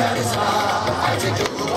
satisfied. I take you.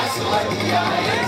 Aswadiya.